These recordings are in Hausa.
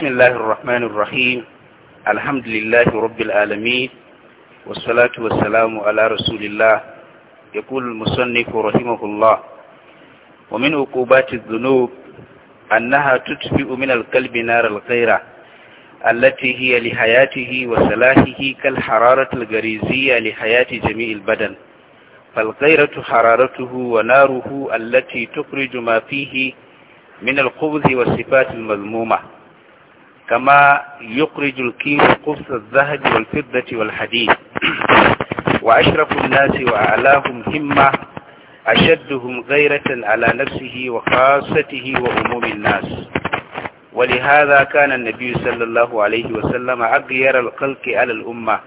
بسم الله الرحمن الرحيم الحمد لله رب العالمين والصلاة والسلام على رسول الله يقول المصنف رحمه الله ومن عقوبات الذنوب أنها تطفئ من القلب نار الغيرة التي هي لحياته وصلاحه كالحرارة الغريزية لحياة جميع البدن فالغيرة حرارته وناره التي تخرج ما فيه من الخبز والصفات المذمومة كما يخرج الكيس قص الذهب والفضة والحديد وأشرف الناس وأعلاهم همة أشدهم غيرة على نفسه وخاصته وعموم الناس ولهذا كان النبي صلى الله عليه وسلم أغير الخلق على الأمة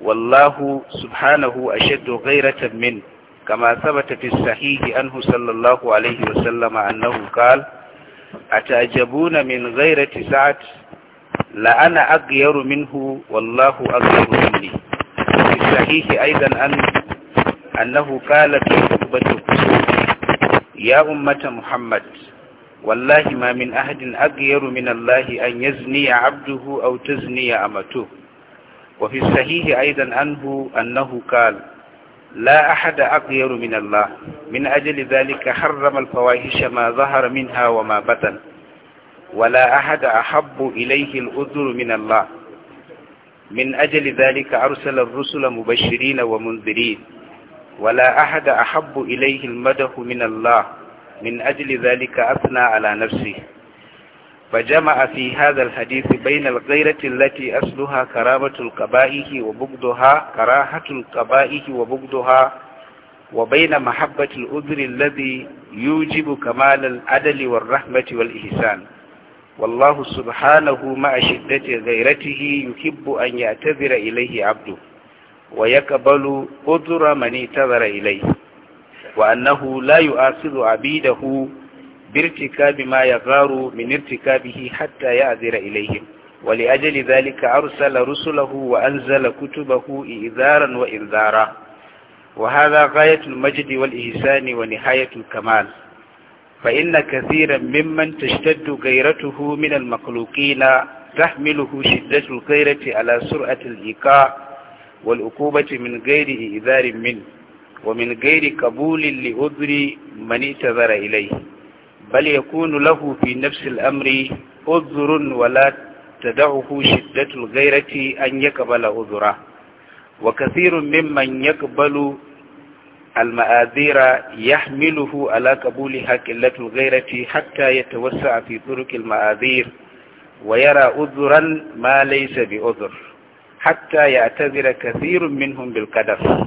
والله سبحانه أشد غيرة منه كما ثبت في الصحيح أنه صلى الله عليه وسلم أنه قال أتعجبون من غيرة سعد لأنا أغير منه والله أغير مني في الصحيح أيضا أن أنه قال في خطبة يا أمة محمد والله ما من أحد أغير من الله أن يزني عبده أو تزني أمته وفي الصحيح أيضا أنه أنه قال لا أحد أغير من الله من أجل ذلك حرم الفواهش ما ظهر منها وما بطن ولا أحد أحب إليه الأذر من الله من أجل ذلك أرسل الرسل مبشرين ومنذرين ولا أحد أحب إليه المدح من الله من أجل ذلك أثنى على نفسه فجمع في هذا الحديث بين الغيرة التي أصلها كرامة القبائه وبغضها كراهة القبائه وبغضها وبين محبة الأذر الذي يوجب كمال العدل والرحمة والإحسان والله سبحانه مع شدة غيرته يحب أن يعتذر إليه عبده ويقبل أذر من اعتذر إليه وأنه لا يؤاخذ عبيده بارتكاب ما يغار من ارتكابه حتى يعذر إليهم ولأجل ذلك أرسل رسله وأنزل كتبه إذارا وإنذارا وهذا غاية المجد والإحسان ونهاية الكمال فإن كثيرا ممن تشتد غيرته من المخلوقين تحمله شدة الغيرة على سرعة الإيقاع والعقوبة من غير إيذار منه ومن غير قبول لأذر من اعتذر إليه بل يكون له في نفس الأمر عذر ولا تدعه شدة الغيرة أن يقبل عذره وكثير ممن يقبل المآذير يحمله على قبولها قلة الغيرة حتى يتوسع في طرق المآذير ويرى عذرا ما ليس بعذر حتى يعتذر كثير منهم بالقدر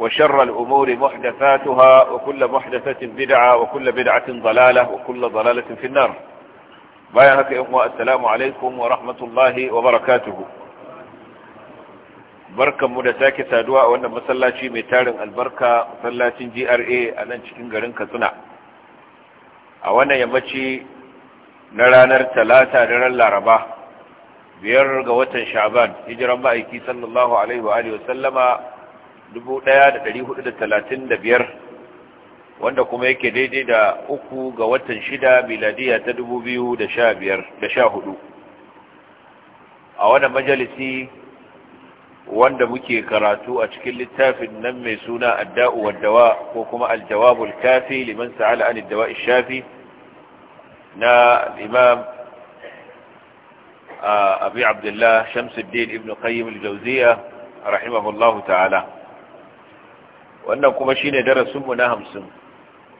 وشر الأمور محدثاتها وكل محدثة بدعة وكل بدعة ضلالة وكل ضلالة في النار بايهك إخوة السلام عليكم ورحمة الله وبركاته بركة مدساك سادواء وأن مسلاتي ميتارن البركة مسلاتي جي ار اي أنا نشكين غرنك سنع أولا يمشي نرانر ثلاثة نران لاربا biyar ga watan sha'ban hijiran ma'aiki sallallahu alaihi wa alihi wa sallama 1435 wanda kuma yake daidai da uku ga watan shida miladiya ta 2014 a wani majalisi wanda muke karatu a cikin littafin nan mai suna adda'u waddawa ko kuma aljawabul kafi liman sa'ala an addawa shafi na imam abi Abdullahi shamsuddin ibn qayyim al-jawziya rahimahullahu ta'ala wannan kuma shine darasinmu na hamsin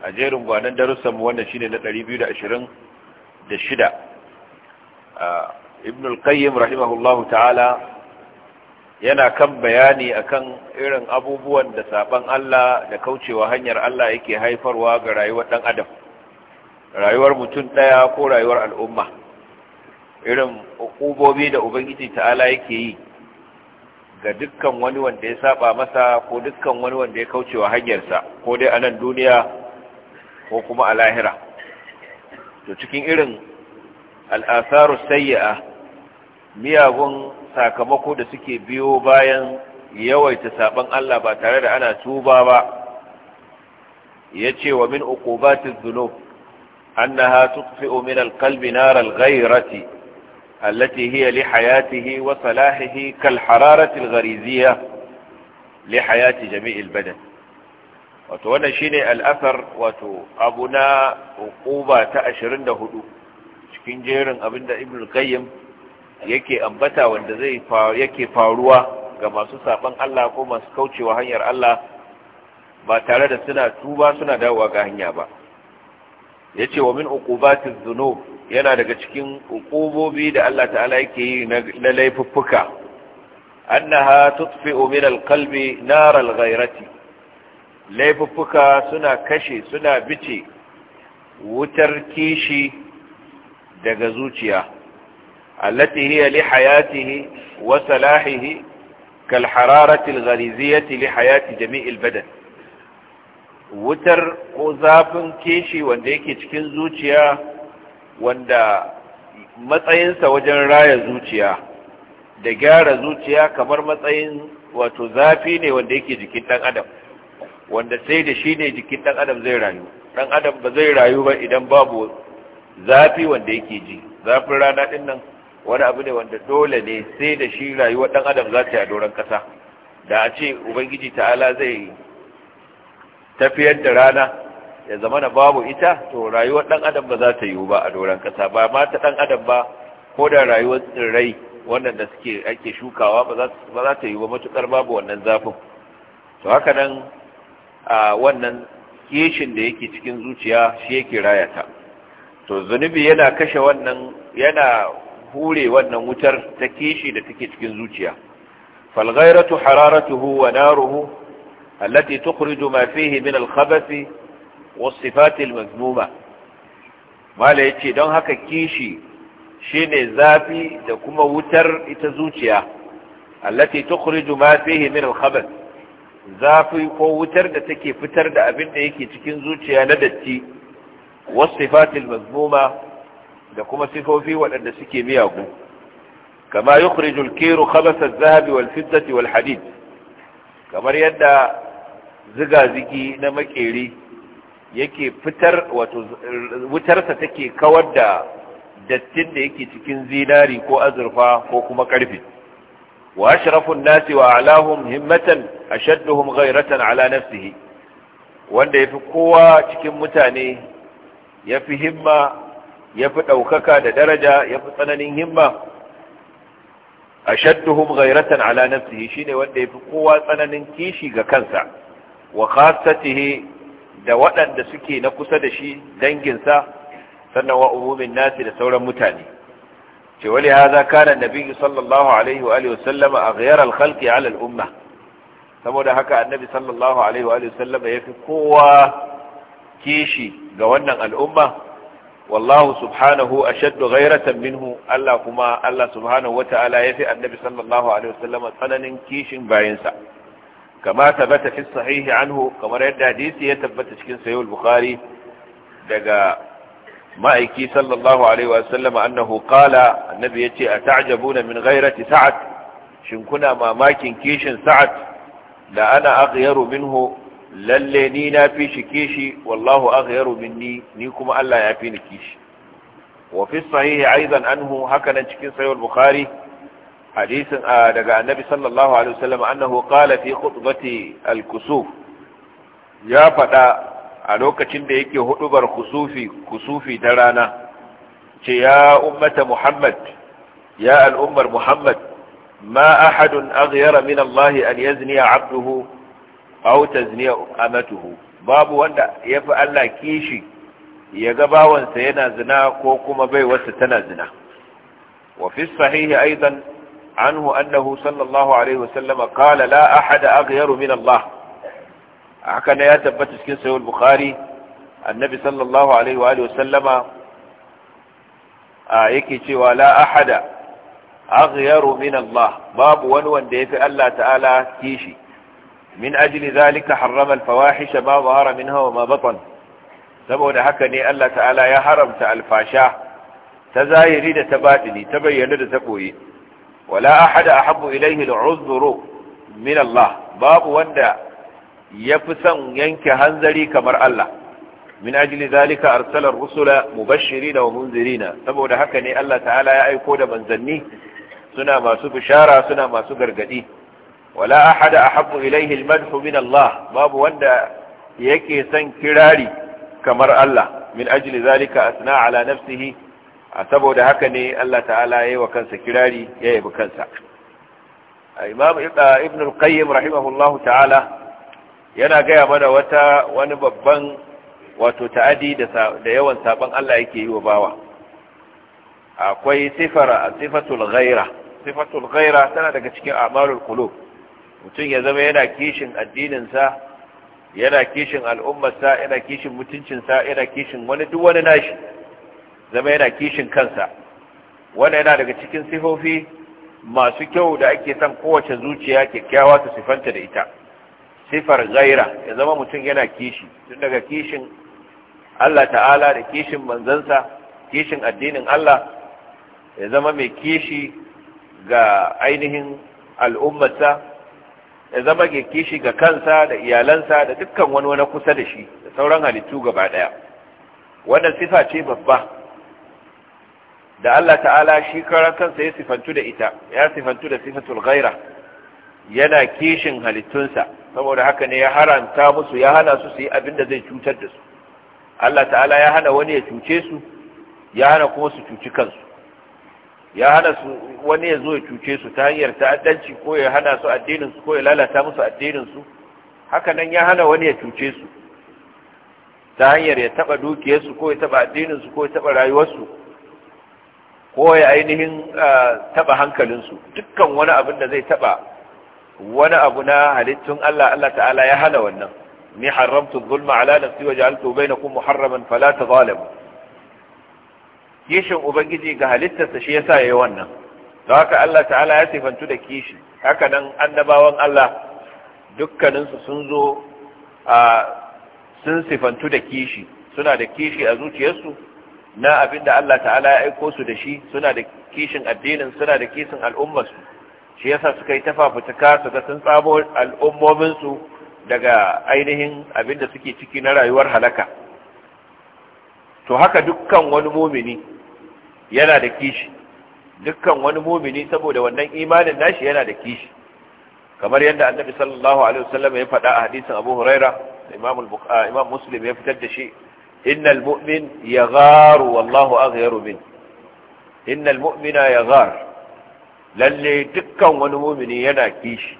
a jerin gwanan darussanmu wannan shine na ɗari biyu shida ibn al-qayyim rahimahullahu ta'ala yana kan bayani akan irin abubuwan da saban Allah da kaucewa hanyar Allah yake haifarwa ga rayuwar dan adam rayuwar mutum daya ko rayuwar al'umma irin ukubobi da ubangiji ta'ala yake yi ga dukkan wani wanda ya saba masa ko dukkan wani wanda ya kaucewa hanyarsa ko dai a nan duniya ko kuma a lahira to cikin irin al'asaru sayya'a miyagun sakamako da suke biyo bayan yawaita saban Allah ba tare da ana tuba ba ya ce wa min uqubatil dhunub annaha tuqfi'u min al-qalbi ghayrati التي هي لحياته وصلاحه كالحرارة الغريزية لحياة جميع البدن وتوانا شيني الأثر وتو أبنا أقوبة تأشرين دهدو شكين جيرن أبن ابن القيم yake ambata wanda zai yake faruwa ga masu saban Allah ko masu kaucewa hanyar Allah ba tare da suna tuba suna dawowa ga hanya ba ce wa min ta dhunub yana daga cikin ƙubobi da Allah ta'ala yake yi na laifuffuka annaha tutfi'u min alqalbi nar alghayrati laifuffuka suna kashe suna bice wutar kishi daga zuciya allati hiya li hayatihi wa salahihi kal hararati alghaliziyati li hayati jami'il badan wutar ko zafin kishi wanda yake cikin zuciya wanda matsayinsa wajen raya zuciya da gyara zuciya kamar matsayin wato zafi ne wanda yake jikin ɗan adam wanda sai da shi ne jikin ɗan adam zai rayu ɗan adam ba zai rayu ba idan babu zafi wanda yake ji zafin rana ɗin nan wani abu ne wanda dole ne sai da shi rayuwa ɗan adam za ta yi a doron ƙasa da a ce ubangiji ta'ala zai tafiyar da rana ya zama na babu ita to rayuwar dan adam ba za ta yiwu ba a doron kasa, ba ma ta dan adam ba ko da rayuwar tsirrai wannan da suke ake shukawa ba za ta yiwu ba matuƙar babu wannan zafin to haka nan a wannan kishin da yake cikin zuciya shi yake rayata to zunubi yana kashe wannan yana hure wannan wutar ta kishi da take cikin zuciya fal ghayratu hararatuhu wa naruhu allati tukhriju ma fihi min al wasifatil mazmuma mala yace don haka kishi shine zafi da kuma wutar ita zuciya allati tukhriju ma fihi min al zafi ko wutar da take fitar da abin da yake cikin zuciya na datti wasifatil mazmuma da kuma sifofi waɗanda suke miyagu kama yukhriju al-kiru khabath wal-fiddati wal-hadid kamar yadda zigazigi na makeri yake fitar wato wutarsa take kawar da dattin da yake cikin zinari ko azurfa ko kuma karfi wa ashrafun nasi wa alahum himmatan ashadduhum ghayratan ala nafsihi wanda yafi kowa cikin mutane yafi himma yafi daukaka da daraja yafi tsananin himma ashadduhum ghayratan ala nafsihi shine wanda yafi kowa tsananin kishi ga kansa wa khassatihi da waɗanda suke na kusa da shi danginsa sannan wa umumin nasi da sauran mutane ce wali haza kana nabi sallallahu alaihi wa alihi wasallam aghyara al-khalqi ala al-umma saboda haka annabi sallallahu alaihi wa alihi wasallam fi kowa kishi ga wannan al'umma wallahu subhanahu ashaddu ghayratan minhu Allah kuma Allah subhanahu wataala fi annabi sallallahu alaihi wasallam tsananin kishin bayansa. kama tabbata fi sahihi anhu kamar yadda hadisi ya tabbata cikin sahih al daga ma'aiki sallallahu alaihi wa sallam annahu qala annabi yace ata'jabuna min ghairati sa'ad shin kuna mamakin kishin sa'ad la ana aghyaru minhu lalle ni na fi kishi wallahu aghyaru minni ni kuma Allah ya fi ni kishi wa fi sahihi aidan anhu hakanan cikin sahih al hadisin daga annabi sallallahu alaihi wasallam annahu qala fi khutbati al-kusuf ya fada a lokacin da yake hudubar kusufi kusufi da rana ce ya ummata muhammad ya al'ummar muhammad ma ahadun aghyara min Allah an yazniya 'abduhu aw tazniya amatuhu babu wanda yafi Allah kishi ya ga bawansa yana zina ko kuma baiwarsa tana zina wa fi sahihi aidan anhu annahu sallallahu alaihi ya tabbatar cikin sahih bukhari annabi sallallahu alaihi wa sallama yake cewa la ahada aghyaru min Allah babu wani wanda yafi Allah ta'ala kishi min ajli zalika harrama al-fawahisha ma zahara minha wa ma batan saboda haka ne Allah ta'ala ya haramta alfasha ta zahiri da ta batini ta bayyana da ta koyi wala ahada ahabbu ilayhi al'uzru min Allah babu wanda yafi son yanke hanzari kamar Allah min ajli zalika arsala rusula mubashirina wa munzirina saboda haka ne Allah ta'ala ya aiko da manzanni suna masu bishara suna masu gargadi wala ahada ahabbu ilayhi al-madhu min Allah babu wanda yake son kirari kamar Allah min ajli zalika asna ala nafsihi a saboda haka ne Allah ta'ala yayi wa kansa kirari ya yabi kansa imam ibn al-qayyim rahimahullah ta'ala yana gaya mana wata wani babban wato ta'adi da yawan saban Allah yake yi wa bawa akwai sifara sifatul ghaira sifatul ghaira tana daga cikin amalul qulub mutum ya zama yana kishin addinin sa yana kishin al'ummar sa yana kishin mutuncin sa yana kishin wani duk wani nashi zama yana kishin kansa wanda yana daga cikin sifofi masu kyau da ake son kowace zuciya kyakkyawa ta sifanta da ita sifar gaira ya zama mutum yana kishi tun daga kishin Allah ta'ala da kishin manzansa kishin addinin Allah ya zama mai kishi ga ainihin al'ummarsa ya zama ke kishi ga kansa da iyalansa da dukkan wani wani kusa da shi da sauran halittu gaba ɗaya wannan sifa ce babba da Allah ta'ala shi karan kansa ya sifantu da ita ya sifantu da sifatul ghaira yana kishin halittunsa saboda haka ne ya haranta musu ya hana su su yi abin da zai cutar da su Allah ta'ala ya hana wani ya cuce su ya hana kuma su cuci kansu ya hana su wani ya zo ya cuce su ta hanyar ta'addanci ko ya hana su addinin su ko ya lalata musu addinin su haka nan ya hana wani ya cuce su ta hanyar ya taba dukiyarsu ko ya taba addinin su ko ya taba rayuwarsu ko ya ainihin ah, taba hankalinsu dukkan wani abin da zai taba wani abu na halittun Allah Allah ta'ala ya hana wannan ni haramtu zulma ala nafsi wa ja'altu bainakum muharraman fala tazalimu kishin ubangiji ga halittarsa shi yasa yayi wannan don haka Allah ta'ala ya sifantu da kishi haka nan annabawan Allah dukkaninsu sun zo a ah, sun sifantu da kishi suna da kishi a zuciyarsu na abin da Allah ta'ala ya aiko su da shi suna da kishin addinin suna da kishin al'ummarsu shi yasa suka yi tafafutuka su ga sun tsamo al'ummominsu daga ainihin abin da suke ciki na rayuwar halaka to haka dukkan wani mumini yana da kishi dukkan wani mumini saboda wannan imanin nashi yana da kishi kamar yadda annabi sallallahu alaihi wasallam ya faɗa a hadisin abu huraira imam muslim ya fitar da shi innal mu'min yagharu wallahu aghyaru min innal mu'mina yaghar lalle dukkan wani mu'mini yana kishi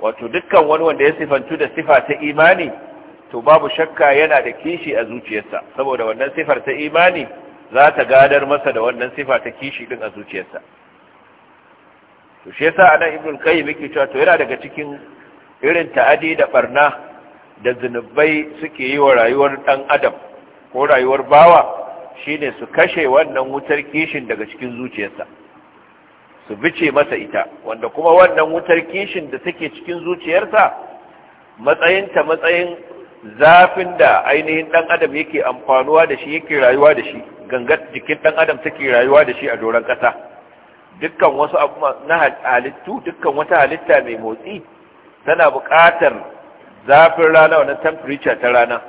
wato dukkan wani wanda ya sifantu da sifa ta imani to babu shakka yana da kishi a zuciyarsa saboda wannan sifar ta imani za ta gadar masa da wannan sifa ta kishi din a zuciyarsa to shi yasa anan ibnul qayyim yake cewa to yana daga cikin irin ta'adi da barna da zunubai suke yi wa rayuwar ɗan adam ko rayuwar bawa shine su kashe wannan wutar kishin daga cikin zuciyarsa su bice masa ita wanda kuma wannan wutar kishin da take cikin zuciyarsa matsayinta matsayin zafin da ainihin ɗan adam yake amfanuwa da shi yake rayuwa da shi gangar jikin ɗan adam take rayuwa da shi a doron ƙasa dukkan wasu abu na halittu dukkan wata halitta mai motsi tana buƙatar zafin rana wannan temperature ta rana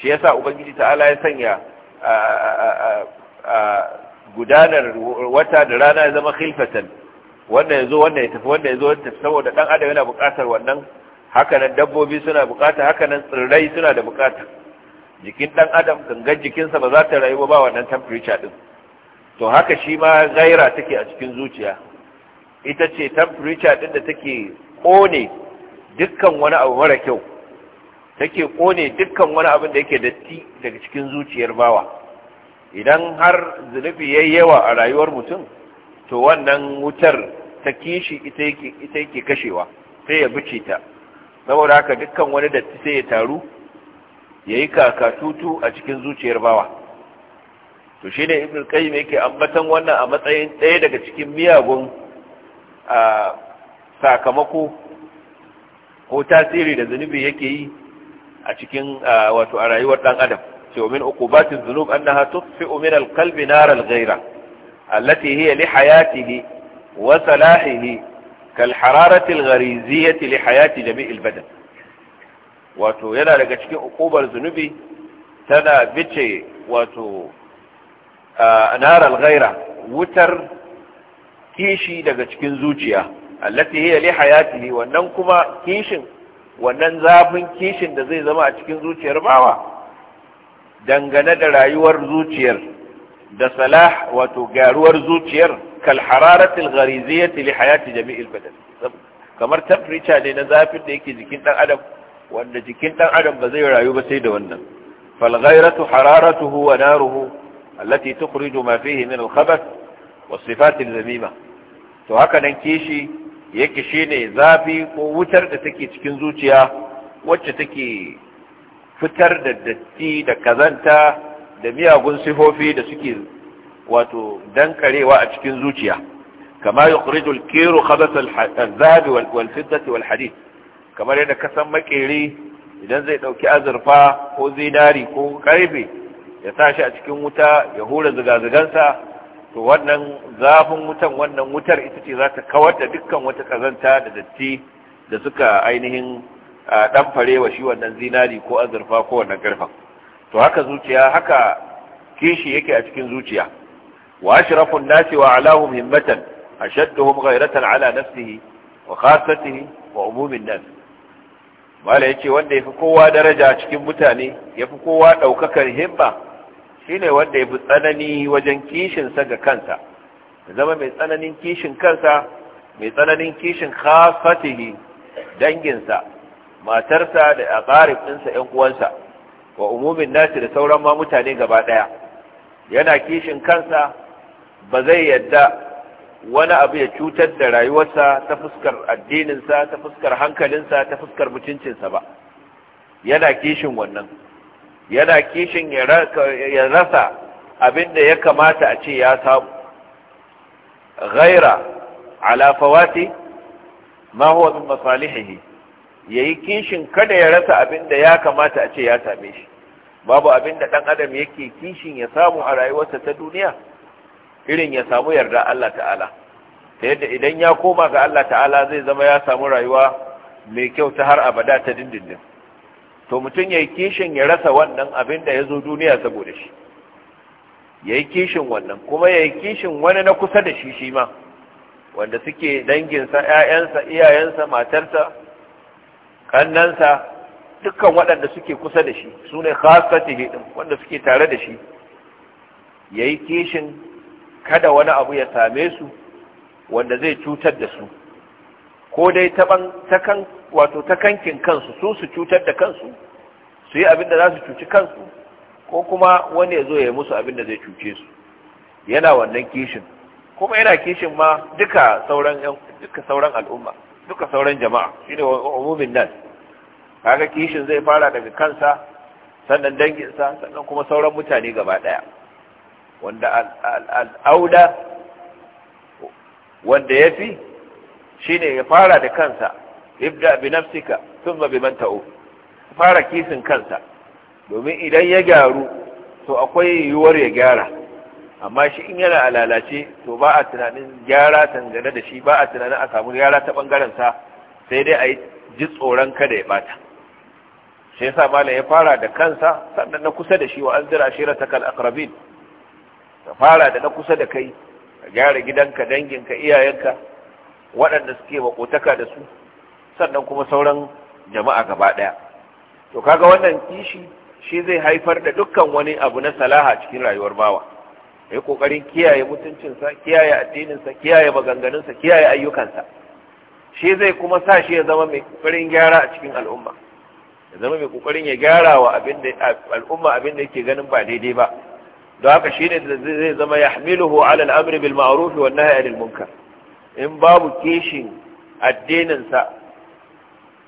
shi yasa ubangiji ta'ala ya sanya gudanar wata da rana ya zama khilfatan wannan yazo wannan ya tafi wannan yazo wannan saboda dan adam yana buƙatar wannan hakanan dabbobi suna buƙata hakanan tsirrai suna da buƙata jikin dan adam gangan jikinsa ba za ta rayu ba wannan temperature din to haka shi ma gaira take a cikin zuciya ita ce temperature din da take kone dukkan wani abu mara kyau take kone dukkan wani abin da yake datti daga cikin zuciyar bawa idan har zunubi yayi yawa a rayuwar mutum to wannan wutar ta kishi ita yake kashewa sai ya bice ta saboda haka dukkan wani datti sai ya taru ya yayi kakatutu a cikin zuciyar bawa to shi shine ibnu qayyim yake ambatan wannan a matsayin ɗaya daga cikin miyagun sakamako ko tasiri da zunubi yake yi a cikin wato a rayuwar dan adam cewa min uqubatiz zunub annaha tutfi'u min al nar al allati hiya li hayatihi wa salahihi kal hararati al li hayati jami' al wato yana daga cikin uqubar zunubi tana bice wato nar al wutar kishi daga cikin zuciya allati hiya li hayatihi wannan kuma kishin wannan zafin kishin da zai zama a cikin zuciyar bawa dangane da rayuwar zuciyar da salah wato garuwar zuciyar kal hararatil ghariziyati li hayati jami'il badan kamar temperature ne na zafin da yake jikin dan adam wanda jikin dan adam ba zai rayu ba sai da wannan fal ghairatu hararatuhu wa naruhu allati tukhriju ma fihi min al khabath was sifat al zamima to haka nan kishi yake ne zafi ko wutar da take cikin zuciya wacce take fitar da datti da kazanta da miyagun sifofi da suke wato dankarewa a cikin zuciya kama yukhriju al-kiru khabath al-dhahab wal-fiddah wal-hadid kamar yadda kasan makeri idan zai dauki azurfa ko zinari ko karfe ya tashi a cikin wuta ya hura zugazugansa to wannan zafin wutan wannan wutar ita ce za ta kawar da dukkan wata kazanta da datti da suka ainihin ɗanfare farewa shi wannan zinari ko azurfa ko wannan ƙarfan to haka zuciya haka kishi yake a cikin zuciya wa ashrafun nasi wa alahum himmatan ashadduhum ghayratan ala nafsihi wa khassatihi wa umumin nas mala yace wanda yafi kowa daraja cikin mutane yafi kowa daukakar himma shine wanda ya fi tsanani wajen kishinsa ga kansa zama mai tsananin kishin kansa mai tsananin kishin khafatihi danginsa matarsa da aqarib ɗinsa ƴan uwansa wa umumin nasi da sauran ma mutane gaba ɗaya yana kishin kansa ba zai yadda wani abu ya cutar da rayuwarsa ta fuskar addininsa ta fuskar hankalinsa ta fuskar mutuncinsa ba yana kishin wannan yana kishin ya rasa abin da ya kamata a ce ya samu ghaira ala fawati ma huwa min masalihihi yayi kishin kada ya rasa abin da ya kamata a ce ya same shi babu abin da dan adam yake kishin ya samu a rayuwarsa ta duniya irin ya samu yarda Allah ta'ala ta yadda idan ya koma ga Allah ta'ala zai zama ya samu rayuwa mai kyau ta har abada ta dindindin to mutum ya yi kishin ya rasa wannan abin da ya zo duniya saboda shi ya yi kishin wannan kuma ya yi kishin wani na kusa da shi shi ma wanda suke danginsa 'ya'yansa iyayensa matarsa kannansa dukkan waɗanda suke kusa da shi su ne khasatihi hidin, wanda suke tare da shi ya yi kishin kada wani abu ya same su wanda zai cutar da su ko dai ta kan wato ta kankin kansu su su cutar da kansu su yi abin da za su cuci kansu ko kuma wani ya zo ya yi musu abin da zai cuce su yana wannan kishin kuma yana kishin ma duka sauran duka sauran al'umma duka sauran jama'a shine umumin nan kaga kishin zai fara daga kansa sannan danginsa sannan kuma sauran mutane gaba daya wanda al'auda wanda ya fi shi ne ya fara da kansa ibda bi nafsika thumma bi man ta'u fara kisin kansa domin idan ya gyaru to akwai yiwuwar ya gyara amma shi in yana alalace to ba a tunanin gyara tangane da shi ba a tunanin a samu gyara ta bangaren sa sai dai a yi ji tsoron kada ya bata shi yasa malam ya fara da kansa sannan na kusa da shi wa anzir ashiratakal aqrabin ka fara da na kusa da kai ka gyara gidanka danginka iyayenka waɗanda suke makotaka da su sannan kuma sauran jama'a gaba daya to kaga wannan kishi shi zai haifar da dukkan wani abu na salaha cikin rayuwar bawa yayi kokarin kiyaye mutuncinsa kiyaye addininsa kiyaye maganganunsa kiyaye ayyukansa shi zai kuma sa shi ya zama mai kokarin gyara a cikin al'umma ya zama mai kokarin ya gyara wa abin da al'umma abin da yake ganin ba daidai ba don haka shi ne zai zama hamiluhu ala al'amri bil ma'ruf wa nahyi anil munkar in babu kishin addininsa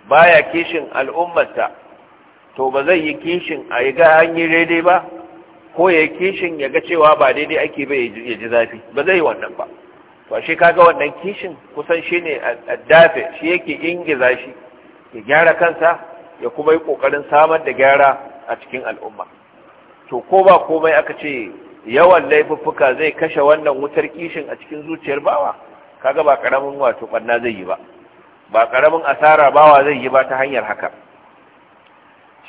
baya kishin al'ummarsa to ba zai yi kishin a yi ga hanyar daidai ba ko ya yi kishin ya ga cewa ba daidai ake ba ya ji zafi ba zai yi wannan ba to shi kaga wannan kishin kusan shi ne a dafe shi yake ingiza shi ya gyara kansa ya kuma yi kokarin samar da gyara a cikin al'umma to ko ba komai aka ce yawan laifuffuka zai kashe wannan wutar kishin a cikin zuciyar bawa kaga ba karamin wato barna zai yi ba ba karamin asara bawa zai yi ba ta hanyar haka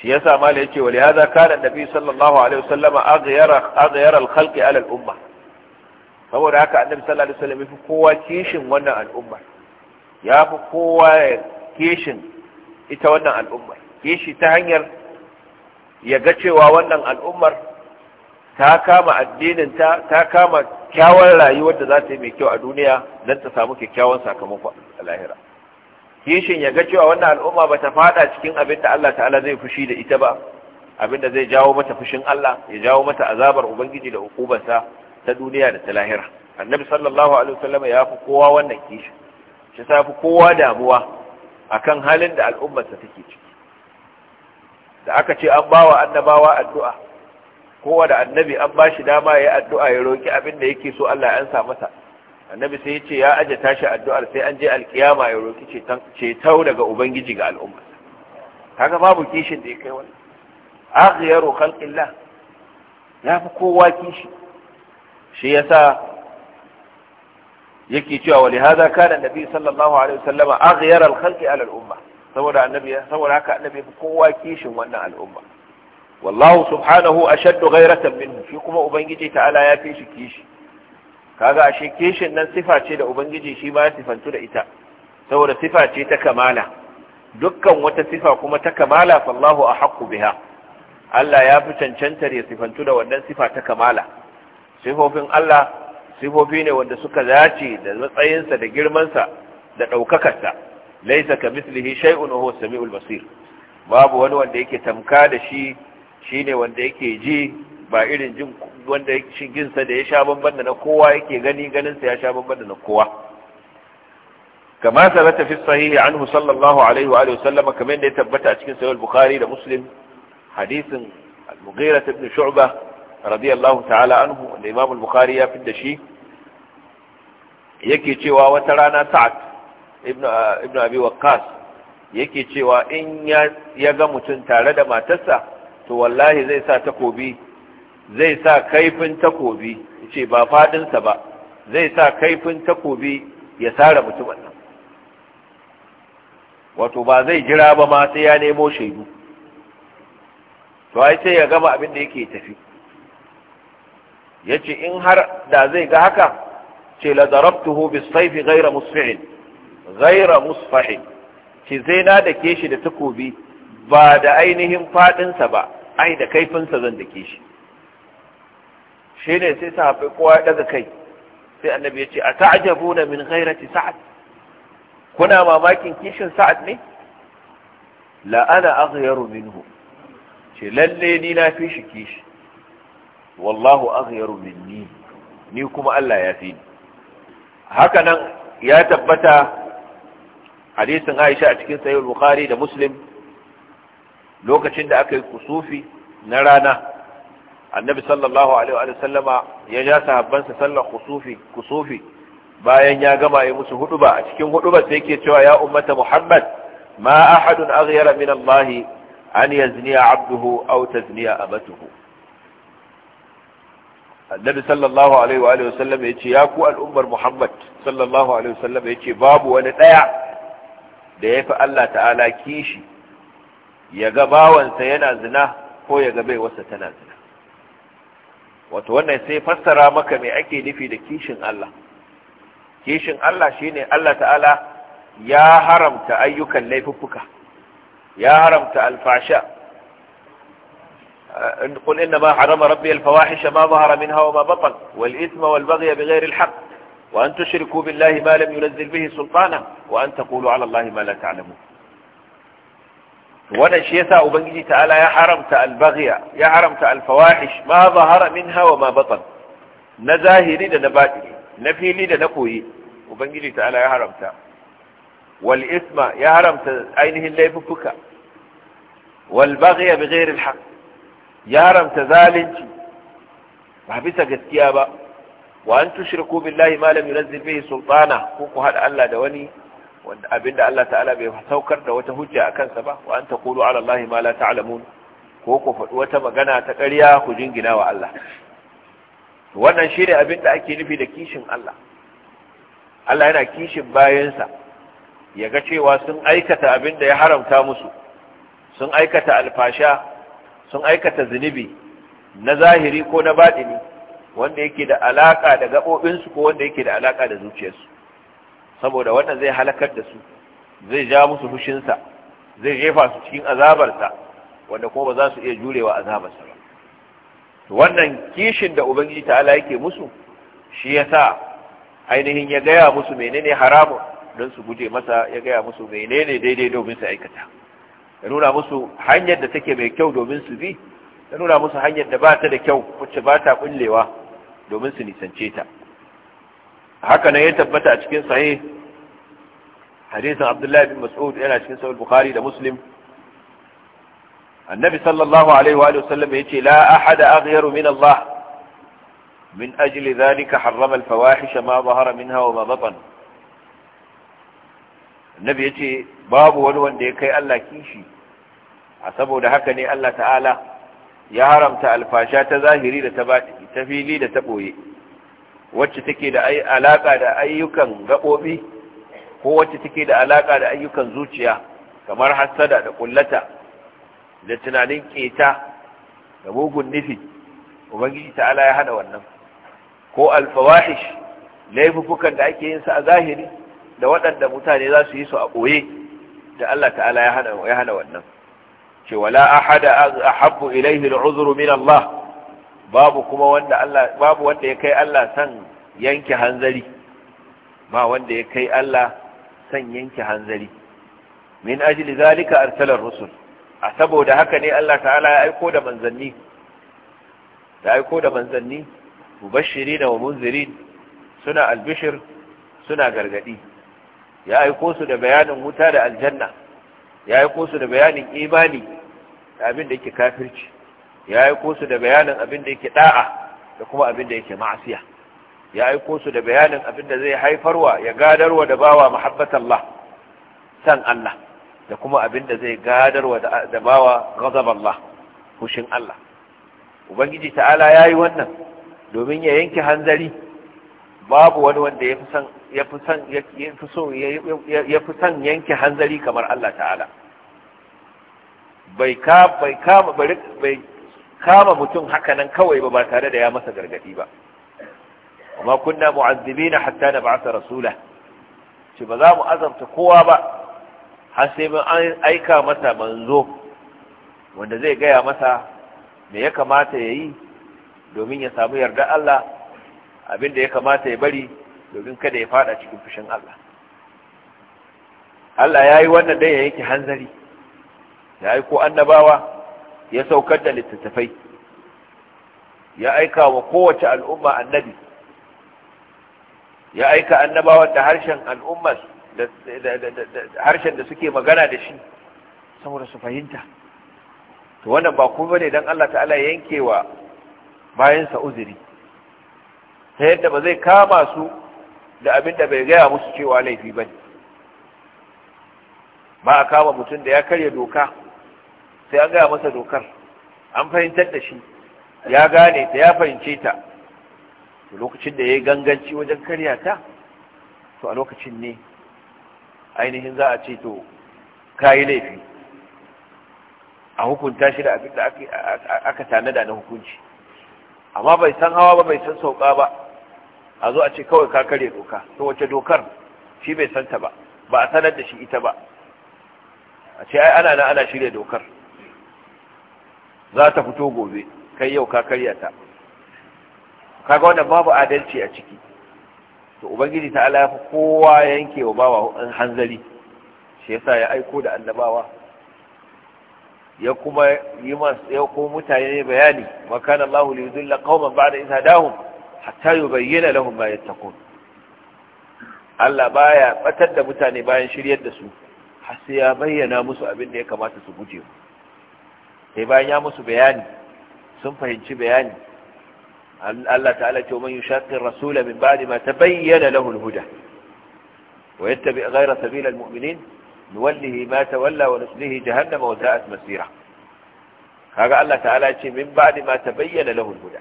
shi ya yasa mala yace wa lihaza kana annabi sallallahu alaihi wasallam aghyara aghyara al-khalqi ala al-umma saboda haka annabi sallallahu alaihi wasallam fi kowa kishin wannan al'umma fi kowa kishin ita wannan al'umma kishi ta hanyar ya ga cewa wannan al'ummar ta kama addinin ta ta kama kyawun rayuwar da za ta yi mai kyau a duniya don ta samu kyakkyawan sakamako a lahira kishin ya ga cewa wannan al'umma ba ta fada cikin abin da Allah ta'ala zai fushi da ita ba abin da zai jawo mata fushin Allah ya jawo mata azabar ubangiji da hukubarsa ta duniya da ta lahira annabi sallallahu alaihi wasallam ya fi kowa wannan kishin shi sa fi kowa damuwa akan halin da al'ummarsa take ciki da aka ce an bawa annabawa addu'a kowa da annabi an bashi dama ya addu'a ya roki abin da yake so Allah ya ansa masa annabi sai ya ce ya aje tashi addu'ar sai an je alkiyama ya roki ceto daga ubangiji ga al'umma kaga babu kishin da ya kai wani aghyaru khalqillah ya fi kowa kishi shi yasa yake cewa wa lihaza kana nabi sallallahu alaihi wasallama aghyara al-khalqi ala al-umma saboda annabi saboda haka annabi fi kowa kishin wannan al'umma wallahu subhanahu ashaddu ghayratan minhu shi kuma ubangiji ta'ala ya fi shi kishi kaga ashe kishin nan sifa ce da ubangiji shi ma ya sifantu da ita saboda sifa ce ta kamala dukkan wata sifa kuma ta kamala fallahu ahqqu biha Allah ya fi cancantar ya sifantu da wannan sifa ta kamala sifofin Allah sifofi ne wanda suka dace da matsayinsa da girmansa da ɗaukakarsa laisa ka mislihi shay'un huwa samiul basir babu wani wanda yake tamka da shi shine wanda yake ji ba irin jin wanda shiginsa da ya sha bamban da na kowa yake gani ganinsa ya sha bamban da na kowa kama sabata fi sahihi anhu sallallahu alaihi wa sallam kamar da ya tabbata a cikin sahih al-bukhari da muslim hadisin al-mughira ibn shu'ba radiyallahu ta'ala anhu da imam al-bukhari ya fi da shi yake cewa wata rana sa'ad ibn uh, ibn abi waqqas yake cewa in ya ga mutum tare da matarsa to wallahi zai sa takobi zai sa kaifin takobi ce ba fadinsa ba zai sa kaifin takobi ya sare mutumin nan wato ba zai jira ba ma sai ya nemo shaidu to ai sai ya gama abin da yake tafi yace in har da zai ga haka ce la zarabtuhu bis sayf ghayra musfi'in ghayra musfahin ce zai na dake shi da takobi ba da ainihin fadinsa ba ai da kaifinsa zan dake shi shi ne sai sahabbai kowa ya daga kai sai annabi ya ce a ta'ajabuna min ghairati sa'ad kuna mamakin kishin sa'ad ne la ana aghyaru minhu ce lalle ni na fi shi kishi wallahu aghyaru minni ni kuma Allah ya fi ni haka nan ya tabbata hadisin Aisha a cikin sahih Bukhari da Muslim lokacin da aka yi kusufi na rana annabi sallallahu alaihi wa sallama ya ja sahabbansa sallar kusufi kusufi bayan ya gama ya musu huduba a cikin huduba sai yake cewa ya ummata muhammad ma ahadun aghyara min allah an yazniya abduhu aw tazniya abatuhu. annabi sallallahu alaihi wa sallam ya ce ya ku al'ummar muhammad sallallahu alaihi wa sallam ya ce babu wani daya da ya fi allah ta'ala kishi ya ga bawansa yana zina ko ya ga bai wasa tana zina wato wannan sai fassara maka me ake nufi da kishin Allah kishin Allah shine Allah ta'ala ya haramta ayyukan laifuffuka ya haramta alfasha قل إنما حرم ربي الفواحش ما ظهر منها وما بطن والإثم والبغي بغير الحق وأن تشركوا بالله ما لم ينزل به سلطانا وأن تقولوا على الله ما لا تعلمون wannan shi yasa ubangiji ta'ala ya haramta albaghiya ya haramta alfawahish ma zahara minha wa ma batan na zahiri da na batini na fili da na koyi ubangiji ta'ala ya haramta wal isma ya haramta ainihin laifuffuka wal baghiya bighayri alhaq ya haramta zalunci ba bisa gaskiya ba wa an tushriku billahi ma lam yunzil bihi sultana ko ku hada Allah da wani wanda abinda Allah ta'ala bai saukar da wata hujja a kansa ba wa an taqulu ala Allah ma la ta'lamun ko ku faɗi wata magana ta ƙarya ku jingina wa Allah wannan shine da ake nufi da kishin Allah Allah yana kishin bayansa ya ga cewa sun aikata abin da ya haramta musu sun aikata alfasha sun aikata zunubi na zahiri ko na baɗini wanda yake da alaka da gaɓoɓinsu ko wanda yake da alaka da zuciyarsu saboda wannan zai halakar da su zai ja musu fushinsa zai jefa su cikin azabarsa wanda kuma ba za su iya jurewa azabarsa ba wannan kishin da ubangiji ta'ala yake musu shi yasa ainihin ya gaya musu menene haramun don su guje masa ya gaya musu menene daidai domin su aikata ya nuna musu hanyar da take mai kyau domin su bi ya nuna musu hanyar da ba ta da kyau wacce ba ta kullewa domin su nisance ta haka nan ya tabbata a cikin sahih hadisin abdullahi bin mas'ud yana cikin sahih bukhari da muslim annabi sallallahu alaihi wa sallam yace la ahada aghyaru min allah min ajli dhalika harrama al fawahish ma zahara minha wa ma batan annabi yace babu wani wanda ya kai allah kishi a saboda haka ne allah ta'ala ya haramta alfasha ta zahiri da ta fili da ta boye wacce take da alaƙa da ayyukan gaɓoɓi ko wacce take da alaƙa da ayyukan zuciya kamar hassada da ƙullata da tunanin ƙeta da mugun nufi ubangiji ta'ala ya hana wannan ko alfawahish laifukan da ake yin sa a zahiri da waɗanda mutane za su yi su a ɓoye da Allah ta'ala ya hana wannan ce wala ahada ahabbu ilayhi da min Allah babu kuma wanda Allah babu wanda ya kai Allah san yanke hanzari ba wanda ya kai Allah san yanke hanzari min ajli zalika arsala rusul a saboda haka ne Allah ta'ala ya aiko da manzanni ya aiko da manzanni mubashirin wa munzirin suna albishir suna gargadi ya aiko su da bayanin wuta da aljanna ya aiko su da bayanin imani da abin da yake kafirci ya aiko su da bayanin abin da yake da'a da kuma abin da yake ma'asiya ya aiko su da bayanin abin da zai haifarwa ya gadarwa da bawa Allah san Allah da kuma abin da zai gadarwa da bawa Allah fushin Allah ubangiji ta'ala yayi wannan domin ya yanke hanzari babu wani wanda ya fi san ya fi san yafi so yafi san yanke hanzari kamar Allah ta'ala bai ka bai ka bai kama mutum hakanan kawai ba ba tare da ya masa gargadi ba amma kunna mu'azzibina hatta nab'atha rasula shi ba za mu azabta kowa ba har sai mun aika masa manzo wanda zai gaya masa me ya kamata yayi domin ya samu yarda Allah abin da ya kamata ya bari domin kada ya fada cikin fushin Allah Allah yayi wannan dai ya yake hanzari ya ko annabawa ya saukar da littattafai ya aika wa kowace al'umma annabi ya aika annabawan da harshen da harshen da suke magana da shi saboda su fahimta to wannan ba kuma ne don Allah ta'ala yankewa bayansa uzuri ta yadda ba zai kama su da abin da bai gaya musu cewa laifi ba ba a kama mutum da ya karya doka sai an gaya masa dokar an fahimtar da shi ya gane ta ya fahimce ta lokacin da ya yi ganganci wajen karya ta to a lokacin ne ainihin za a ce to kayi laifi a hukunta shi da abin da aka tanada na hukunci amma bai san hawa ba bai san sauka ba a zo a ce kawai ka karya doka to wace dokar shi bai santa ba ba a sanar da shi ita ba a ce ai ana na ana shirya dokar za ta fito gobe kai yau ka karya ta kaga wannan babu adalci a ciki to ubangiji ta ala kowa yanke wa bawa hanzari shi yasa ya aiko da annabawa ya kuma yi ya ko mutane bayani makana Allah li yudilla qauman ba'da idha dahum hatta yubayyana lahum ma yattaqun Allah baya batar da mutane bayan shiryar da su har sai ya bayyana musu abin da ya kamata su guje mu sai bayan ya musu bayani sun fahimci bayani Allah ta'ala ce man yushaqir rasula min ba'di ma tabayyana lahu al-huda wa yattabi ghayra sabil al-mu'minin nuwallihi ma tawalla wa nuslihi jahannama wa sa'at masira kaga Allah ta'ala ce min ba'di ma tabayyana lahu al-huda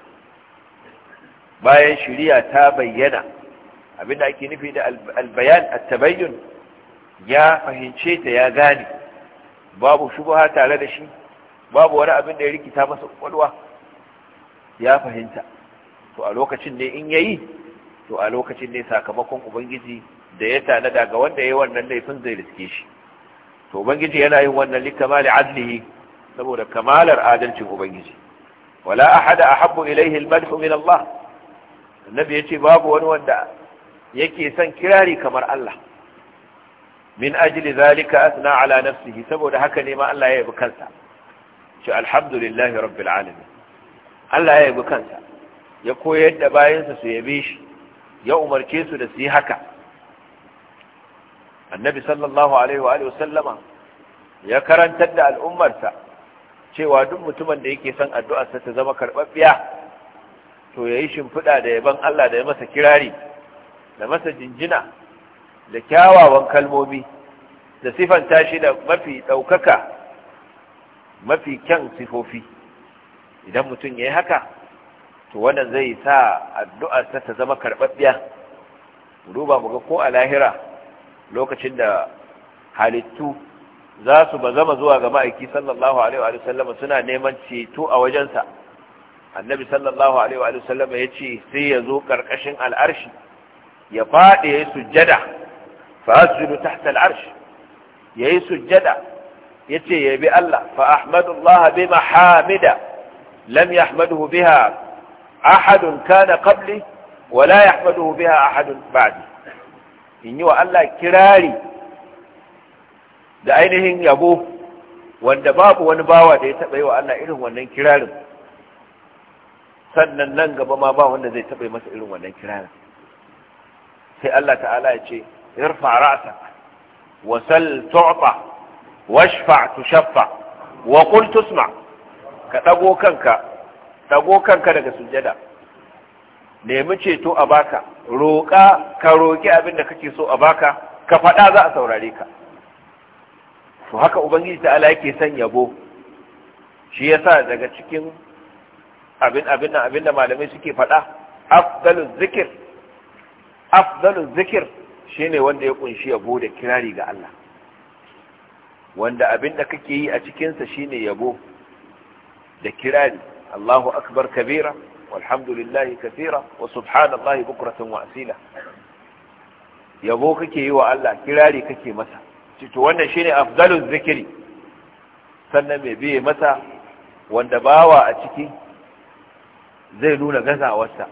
bayan shari'a ta bayyana abinda ake nufi da al-bayan at-tabayyun ya fahimce ta ya gane babu shubha tare da shi babu wani abin da ya rikita masa kwakwalwa ya fahimta to a lokacin ne in yayi to a lokacin ne sakamakon ubangiji da ya tanada ga wanda ya yi wannan laifin zai riske shi to ubangiji yana yin wannan likamali adlihi saboda kamalar adalcin ubangiji wala ahada ahabbu ilayhi almadhu min Allah annabi yace babu wani wanda yake son kirari kamar Allah min ajli zalika asna ala nafsihi saboda haka ne ma Allah ya yi kansa ce alhamdulillahi rabbil alamin Allah ya yabi kansa ya koyar da bayansa su yabe shi ya umarce su da su yi haka annabi sallallahu alaihi wa alihi sallama ya karantar da al'ummarsa cewa duk mutumin da yake son addu'arsa ta zama karɓaɓɓiya to yayi shimfiɗa da yaban Allah da ya masa kirari da masa jinjina da kyawawan kalmomi da sifanta shi da mafi ɗaukaka mafi kyan sifofi idan mutum ya yi haka to wannan zai sa addu'arsa ta zama karɓaɓɓiya duba mu ga ko a lahira lokacin da halittu za su ba zama zuwa ga ma'aiki sallallahu alaihi wa sallama suna neman ceto a wajensa annabi sallallahu alaihi wa sallama ya ce sai ya zo ƙarƙashin al'arshi ya faɗi ya yi sujjada fa asjudu tahta al'arshi ya yi sujjada yace yabi Allah fa ahmadullah bi mahamida lam yahmaduhu biha ahadun kana qabli wa la yahmaduhu biha ahadun ba'di in yi wa Allah kirari da ainihin yabo wanda babu wani bawa da ya taba yi wa Allah irin wannan kirarin sannan nan gaba ma ba wanda zai taba yi masa irin wannan kirarin sai Allah ta'ala ya ce irfa ra'sa wa sal tu'ta washfa tushaffa wa qul tusma ka dago kanka dago kanka daga sujjada nemi ceto a baka roka ka roƙi abin da kake so a baka ka faɗa za a saurare ka to haka ubangiji ta ala yake san yabo shi yasa daga cikin abin abin da abin da malamai suke faɗa afdalul zikir afdalul zikir shine wanda ya kunshi yabo da kirari ga Allah wanda abin da kake yi a cikinsa shine yabo da kirari Allahu akbar kabira walhamdulillahi kathira wa subhanallahi bukratan wa asila yabo kake yi wa Allah kirari kake masa Cito wannan shine afdaluz zikri sannan mai biye masa wanda bawa a ciki zai nuna gazawarsa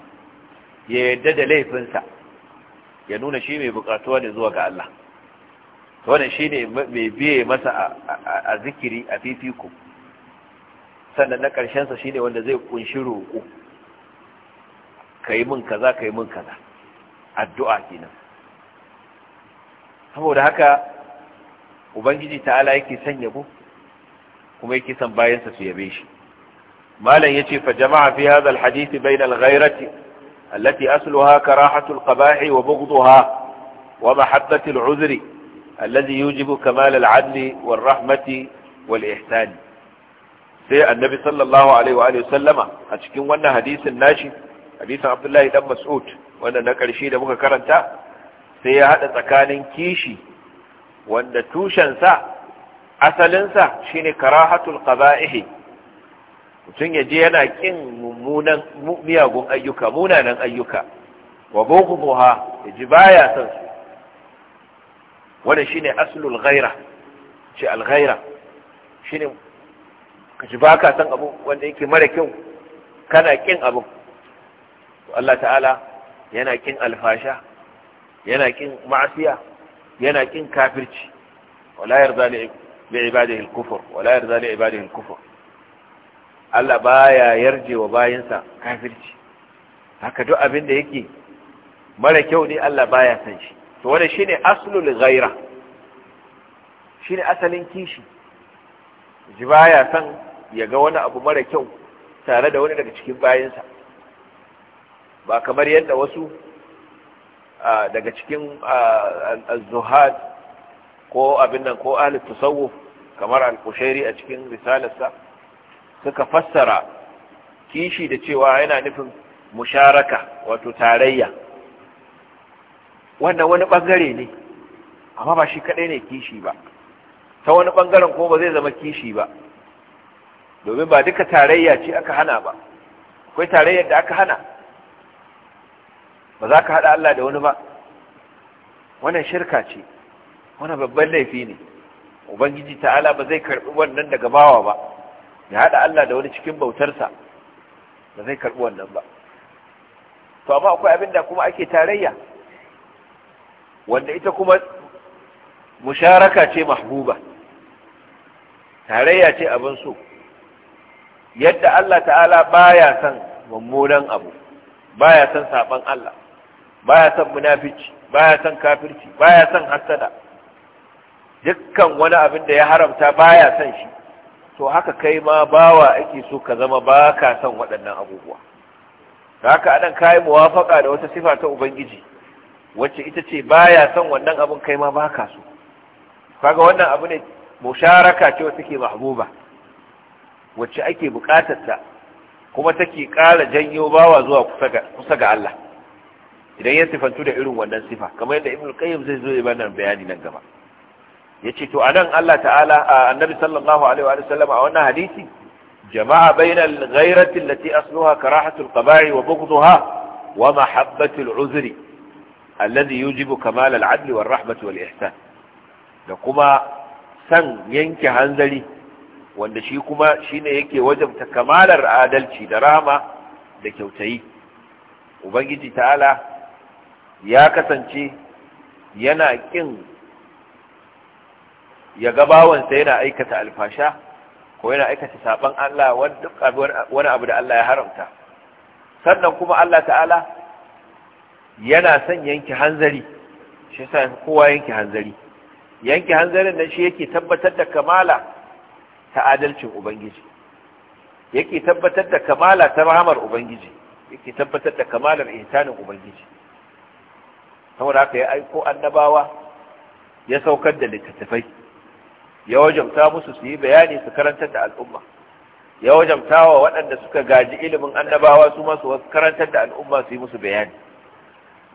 ya yadda da laifinsa ya nuna shi mai bukatuwa ne zuwa ga Allah wannan shine mai biye masa a zikiri a fifiko sannan na ƙarshensa sa shine wanda zai kunshi roƙo yi min kaza yi min kaza addu'a kenan saboda haka ubangiji ta'ala yake son yabo kuma yake son bayansa su yabe shi malam ya ce fa jama'a fi hadha alhadith bayna alghayrati allati asluha karahatu alqabahi wa bughdaha wa mahabbatu al'uzri alladhi yujibu kamal al-adli wal rahmati sai annabi sallallahu a cikin wannan hadisin nashi hadisin abdullahi dan mas'ud wanda na karshe da muka karanta sai ya hada tsakanin kishi wanda tushen sa shine karahatul mutum ya je yana ƙin mummunan miyagun ayyuka munanan ayyuka wa bughdaha ya ji baya san su wannan shine aslul ghaira ce al ghaira shine ka ji baka san abu wanda yake mara kyau kana kin abu Allah ta'ala yana kin alfasha yana kin ma'asiya yana kin kafirci wala yarda li ibadihi al-kufr wala yarda li ibadihi al-kufr Allah baya yarje wa bayinsa kafirci haka duk abin da yake mara kyau ne Allah baya san shi to wannan shine aslul ghaira shine asalin kishi ji baya san ya ga wani abu mara kyau tare da wani daga cikin bayansa ba kamar yadda wasu daga cikin az-zuhad ko abin nan ko ahli tasawuf kamar al-kushairi a cikin risalarsa suka fassara kishi da cewa yana nufin musharaka wato tarayya wannan wani ɓangare ne amma ba shi kaɗai ne kishi ba ta wani ɓangaren kuma ba zai zama kishi ba domin ba duka tarayya ce aka hana ba akwai tarayyar da aka hana ba za ka haɗa Allah da wani ba wannan shirka ce wani babban laifi ne ubangiji ta'ala ba zai karɓi wannan daga bawa ba ya haɗa Allah da wani cikin bautarsa ba zai karɓi wannan ba to amma akwai abin da kuma ake tarayya wanda ita kuma musharaka ce mahbuba tarayya ce abin so yadda Allah ta'ala baya son mummunan abu baya son saban Allah baya son munafici baya son kafirci baya son hasada dukkan wani abin da ya haramta baya son shi to haka kai ma bawa ake so ka zama baka ka son waɗannan abubuwa haka adan kai muwafaka da wata sifa ta ubangiji wacce ita ce baya son wannan abin kai ma baka so kaga wannan abu ne musharaka ce wacce take mahbuba wacce ake bukatar ta kuma take kala janyo bawa zuwa kusa ga Allah idan ya sifantu da irin wannan sifa kamar yadda Ibn Qayyim zai zo ibana bayani nan gaba yace to anan Allah ta'ala annabi sallallahu alaihi wa sallam a wannan hadisi jama'a bainal ghairati allati asluha karahatul qaba'i wa bughdaha wa mahabbatul uzri alladhi yujibu kamal al-adl wal rahmati wal ihsan da kuma san yanke hanzari wanda shi kuma shine yake wajabta kamalar adalci da rahama da kyautayi ubangiji ta'ala ya kasance yana kin ya ga bawansa yana aikata alfasha ko yana aikata saban Allah wani abu da Allah ya haramta sannan kuma Allah ta'ala yana son yanke hanzari shi sa kowa yanke hanzari yanke hanzarin nan shi yake tabbatar da kamala ta adalcin ubangiji yake tabbatar da kamala ta rahamar ubangiji yake tabbatar da kamalar ihsanin ubangiji saboda haka ya aiko annabawa ya saukar da littattafai ya wajabta musu su yi bayani su karantar da al'umma ya wajabta wa waɗanda suka gaji ilimin annabawa su masu karantar da al'umma su yi musu bayani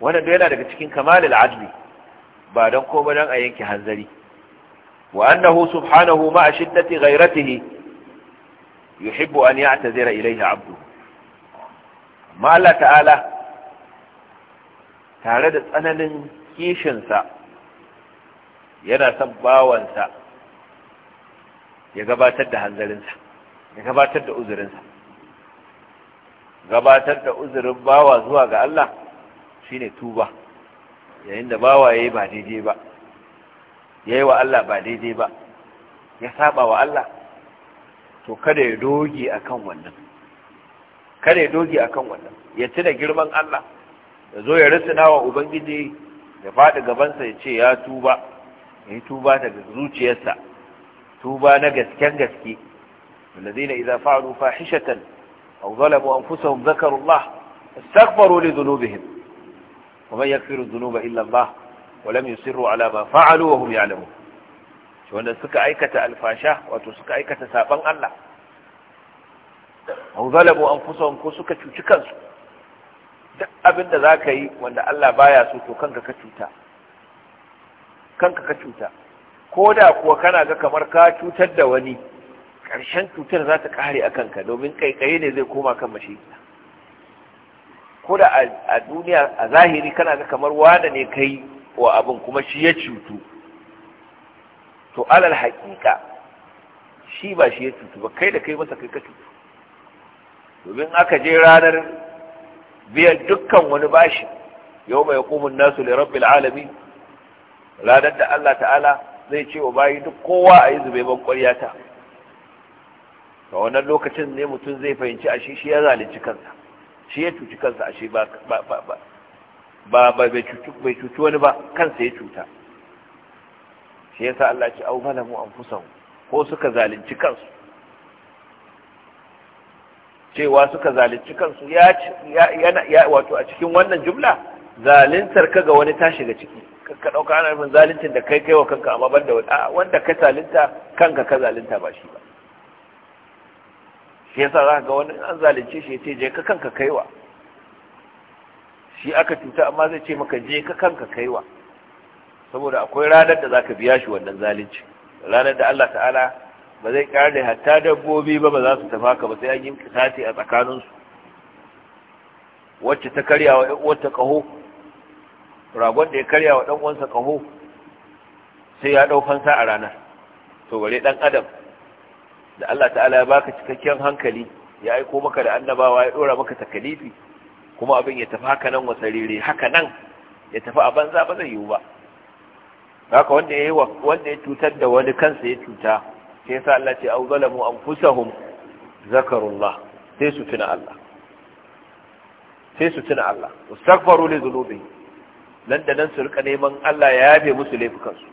wannan yana daga cikin kamalul adli ba dan ko ba dan a yanke hanzari wa annahu subhanahu ma ashiddati ghayratihi yuhibbu an ya'tazira ilayhi 'abdu ma Allah ta'ala tare da tsananin kishinsa yana son bawansa ya gabatar da sa ya gabatar da uzurinsa gabatar da uzurin bawa zuwa ga Allah ne tuba yayin da bawa yayi ba daidai ba yayi wa Allah ba daidai ba ya saba wa Allah to kada ya doge akan wannan kada ya doge akan wannan ya tuna girman Allah ya zo ya rusuna wa ubangiji ya faɗi gabansa ya ce ya tuba ya tuba daga zuciyarsa tuba na gasken gaske الذين إذا فعلوا فاحشة أو ظلموا أنفسهم ذكروا الله استغفروا لذنوبهم ومن يغفر الذنوب إلا الله ولم يصروا على ما فعلوا وهم يعلمون wanda suka aikata alfasha wato suka aikata saban Allah an zalabu an ko suka cuci kansu duk abin za ka yi wanda Allah baya so to kanka ka cuta kanka ko da kuwa kana ga kamar ka cutar da wani karshen cutar za ta ƙare domin ƙaiƙaye ne zai koma kan ko da a duniya a zahiri kana ga kamar wada ne kai wa abin kuma shi ya cutu to alal haƙiƙa shi ba shi ya cutu ba kai da kai masa kai ka cutu domin aka je ranar biyan dukkan wani bashi yau mai hukumin nasu da rabbi alalami ranar da Allah ta'ala zai ce wa bayi duk kowa a yi zube ban ƙwarya ta wannan lokacin ne mutum zai fahimci a shi shi ya zalunci kansa shi ya cuci kansa ashe ba ba ba ba bai cuci wani ba kansa ya cuta shi yasa Allah ce au zalamu anfusahum ko suka zalunci kansu cewa suka zalunci kansu ya yana ya wato a cikin wannan jumla zaluntar ka ga wani ta shiga ciki ka dauka ana nufin zaluntar da kai kai wa kanka amma banda wanda ka zalunta kanka ka zalunta ba shi ba shi yasa za ga wani an zalunce shi ce je ka kanka kaiwa shi aka cuta amma zai ce maka je ka kanka kaiwa saboda akwai ranar da zaka biya shi wannan zalunci ranar da Allah ta'ala ba zai kare hatta dabbobi ba ba za su tafi haka ba sai an yi kisati a tsakaninsu wacce ta karya wa uwarta kaho ragon da ya karya wa dan uwansa kaho sai ya dau fansa a ranar to bare dan adam da Allah ta'ala ya baka cikakken hankali ya aiko maka da annabawa ya dora maka takalifi kuma abin ya tafi haka nan wasarere haka nan ya tafi a banza ba zai yiwu ba haka wanda ya yi wanda ya cutar da wani kansa ya cuta sai sa Allah ce au zalamu anfusahum zakarullah sai su tuna Allah sai su tuna Allah wastaghfaru li dhunubi nan da nan su rika neman Allah ya yafe musu laifukansu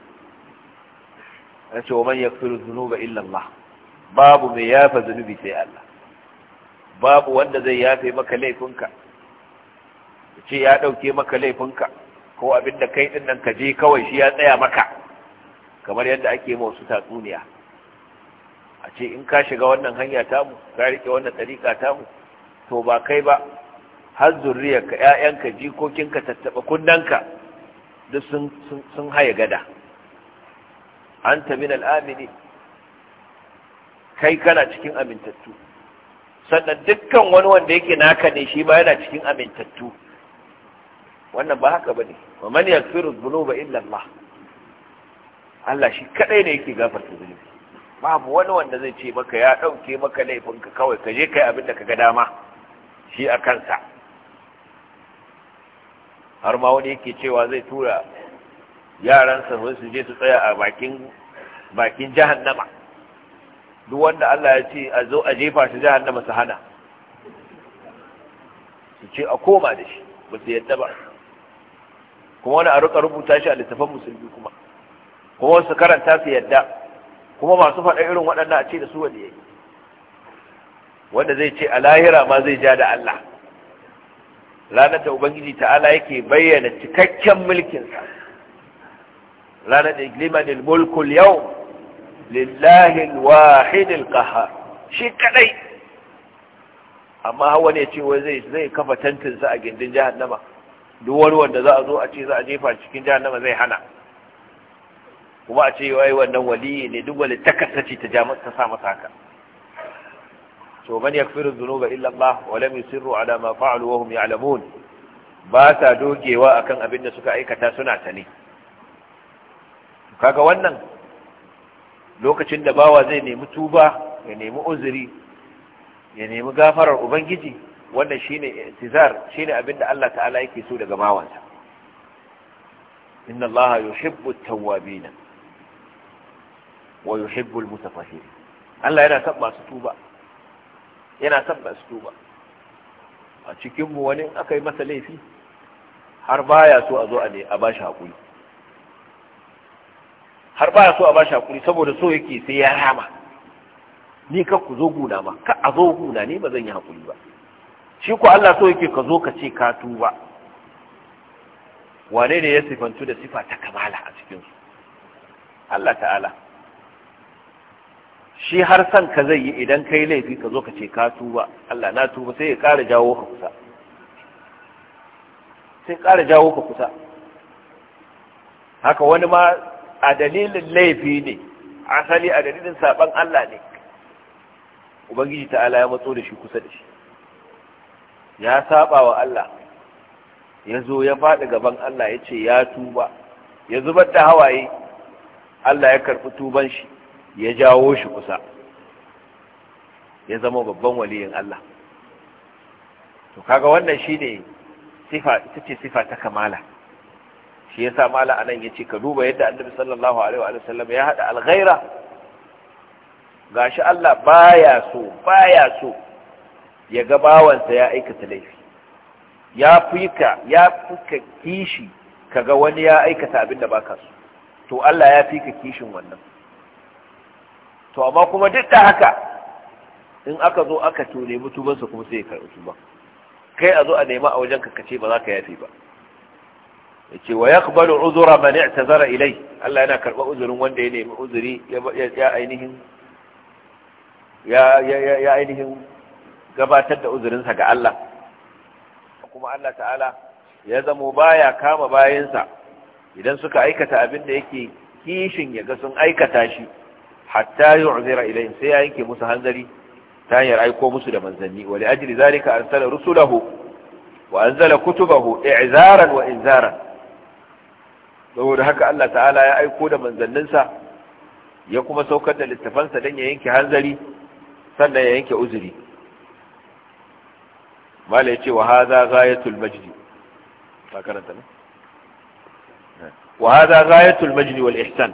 Ya ce wa man yaghfiru dhunuba illa Allah babu mai yafa zunubi sai Allah babu wanda zai yafe maka laifinka ce ya dauke maka laifinka ko abin da kai din nan ka je kawai shi ya tsaya maka kamar yadda ake ma wasu tatsuniya a ce in ka shiga wannan hanya tamu ka riƙe wannan ɗariƙa tamu to ba kai ba har zurriyarka ‘ya'yanka jikokinka tattaɓa ka. duk sun haya gada an min al'amini kai kana cikin amintattu sannan dukkan wani wanda yake naka ne shi ma yana cikin amintattu wannan ba haka bane wa man yaghfiru dhunuba illa Allah Allah shi kadai ne yake gafarta zunubi babu wani wanda zai ce maka ya dauke maka laifinka kawai ka je kai abin da ga dama shi a kansa har ma wani yake cewa zai tura yaransa su je su tsaya a bakin bakin jahannama duk wanda Allah ya ce a zo a jefa shi da masu hana su ce a koma da shi ba su yadda ba kuma wani a rika rubuta shi a littafan musulmi kuma kuma wasu karanta su yadda kuma masu faɗa irin waɗannan a ce da su wani yi. wanda zai ce a lahira ma zai ja da Allah ranar da ubangiji ta'ala yake bayyana cikakken mulkinsa ranar da liman mulkul yau lillahi alwahid alqahar shi kadai amma hawa ne ce wai zai kafa tantinsa a gindin jahannama duk wani wanda za a zo a ce za a jefa cikin jahannama zai hana kuma a ce wai wannan waliyi ne duk wani takasa ce ta ta sa masa haka to man yakfiru dhunuba illa Allah wa lam yusirru ala ma fa'alu wa hum ya'lamun ba sa dogewa akan abin da suka aikata suna ta ne kaga wannan lokacin da bawa zai nemi tuba ya nemi uzuri ya nemi gafarar ubangiji wannan shine intizar shine abinda Allah ta'ala yake so daga bawansa inna Allah yuhibbu at-tawwabin wa yuhibbu al-mutatahhirin Allah yana son masu tuba yana son masu tuba a cikin mu wani akai masa laifi har baya so a zo a ne a bashi hakuri har ya so a bashi hakuri saboda so yake sai ya rama ni ka ku zo guda ma ka a zo guda ni ba zan yi hakuri ba shi ko Allah so yake ka zo ka ce ka tuba wane ne ya sifantu da sifa ta kamala a cikin su Allah ta'ala shi har san ka zai yi idan kai laifi ka zo ka ce ka tuba Allah na tuba sai ya ƙara jawo ka kusa sai ƙara jawo ka kusa haka wani ma a dalilin laifi ne asali a dalilin saban Allah ne ubangiji ta'ala ya matso da shi kusa da shi ya saba wa Allah ya zo ya faɗi gaban Allah ya ce ya tuba ya zubar da hawaye Allah ya karɓi tuban shi ya jawo shi kusa ya zama babban waliyin Allah to kaga wannan shine sifa ita ce sifa ta kamala shi yasa mala anan yace ka duba yadda annabi sallallahu alaihi wa sallam ya hada alghaira gashi Allah baya so baya so ya ga bawansa ya aikata laifi ya fika ya fika kishi kaga wani ya aikata abin da baka so to Allah ya fika kishin wannan to amma kuma duk da haka in aka zo aka tone mutuminsa kuma sai ya karɓi tuba kai a zo a nema a wajen ka kace ba za ka yafe ba yace wa yaqbalu uzra man i'tazara ilai Allah yana karba uzurin wanda ya nemi uzuri ya ainihin ya ya ainihin gabatar da uzurinsa ga Allah kuma Allah ta'ala ya zama baya kama bayansa idan suka aikata abin da yake kishin ya ga sun aikata shi hatta yu'zira ilayhim sai ya yanke musu hanzari ta hanyar aiko musu da manzanni wa ajli zalika arsala rusulahu wa anzala kutubahu i'zaran wa inzaran saboda haka Allah ta'ala ya aiko da manzanninsa ya kuma saukar da littafansa don ya yanke hanzari sannan ya yanke uzuri mala ya ce wa haza ghayatul majdi ba karanta ne wa haza ghayatul majdi wal ihsan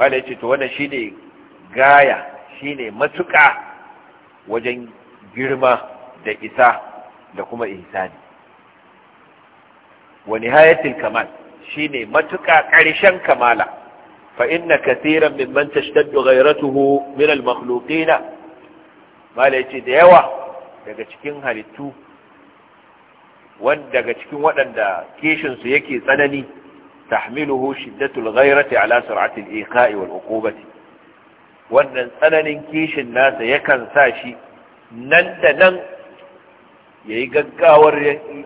mala ya ce to wannan shine gaya shine matuƙa wajen girma da isa da kuma ihsani wa nihayatul kamal shine matuka ƙarshen kamala fa inna katiran mimman tashtaddu ghayratuhu min al makhluqina mala yace da yawa daga cikin halittu wanda daga cikin waɗanda kishin su yake tsanani tahmiluhu shiddatul ghayrati ala sur'atil iqa'i wal uqubati wannan tsananin kishin nasa yakan sa shi nan da nan yayi gaggawar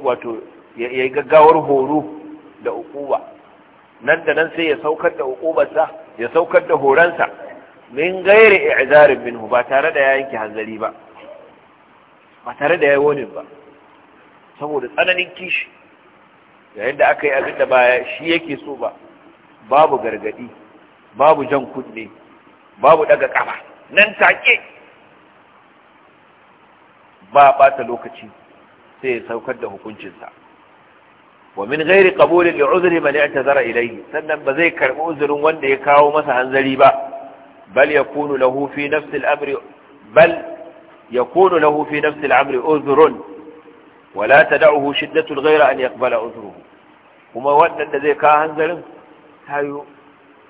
wato ya yi gaggawar horo da ukuba nan da nan sai ya saukar da ukubarsa ya saukar da horonsa min gairi i'zarin minhu ba tare da ya yanke hanzari ba ba tare da ya wani ba saboda tsananin kishi yayin da aka yi abin da baya shi yake so ba babu gargadi babu jan kunne babu daga kafa nan take ba bata lokaci sai ya saukar da hukuncinsa wa min ghairi qabuli li uzri man i'tazara ilayhi sannan ba zai karbi uzurin wanda ya kawo masa hanzari ba bal yakunu lahu fi nafsi al-amri bal yakunu lahu fi nafsi al-amri uzrun wa la tad'uhu shiddatu al-ghayra an yaqbala uzruhu kuma wanda zai kawo hanzarin tayo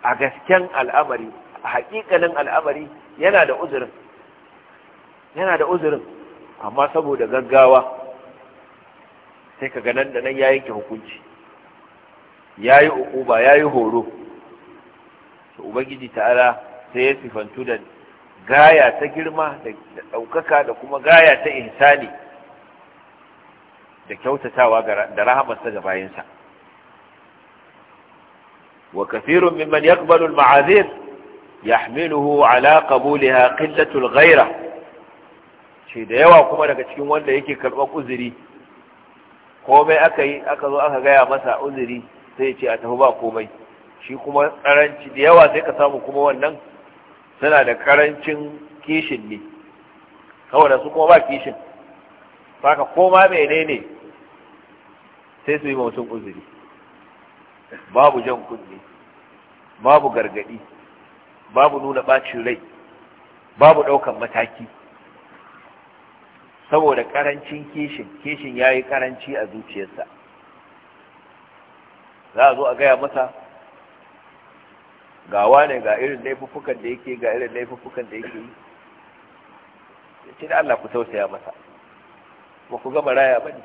a gasken al'amari a al'amari yana da uzurin yana da amma saboda gaggawa sai ka nan da nan ya yanke hukunci ya yi uquba ya yi horo to ubangiji ta'ala sai ya sifantu da gaya ta girma da ɗaukaka da kuma gaya ta insani da kyautatawa da rahamarsa ga bayansa wa kafirun mimman yaqbalu al-ma'azir yahmiluhu ala qabulaha qillatu al-ghayra shi da yawa kuma daga cikin wanda yake karɓar uzuri komai aka yi aka zo aka gaya masa uzuri sai ce a tafi ba komai shi kuma karanci da yawa sai ka samu kuma wannan suna da karancin kishin ne saboda su kuma ba kishin saka koma menene sai su yi mutum uzuri babu jan kunne babu gargadi babu nuna bacin rai babu daukan mataki saboda karancin kishin kishin ya yi karanci a zuciyarsa za a zo a gaya masa ga wane ga irin laifuffukan da yake ga irin laifuffukan da yake yi ce da Allah ku tausaya masa ba ku ga maraya ba ne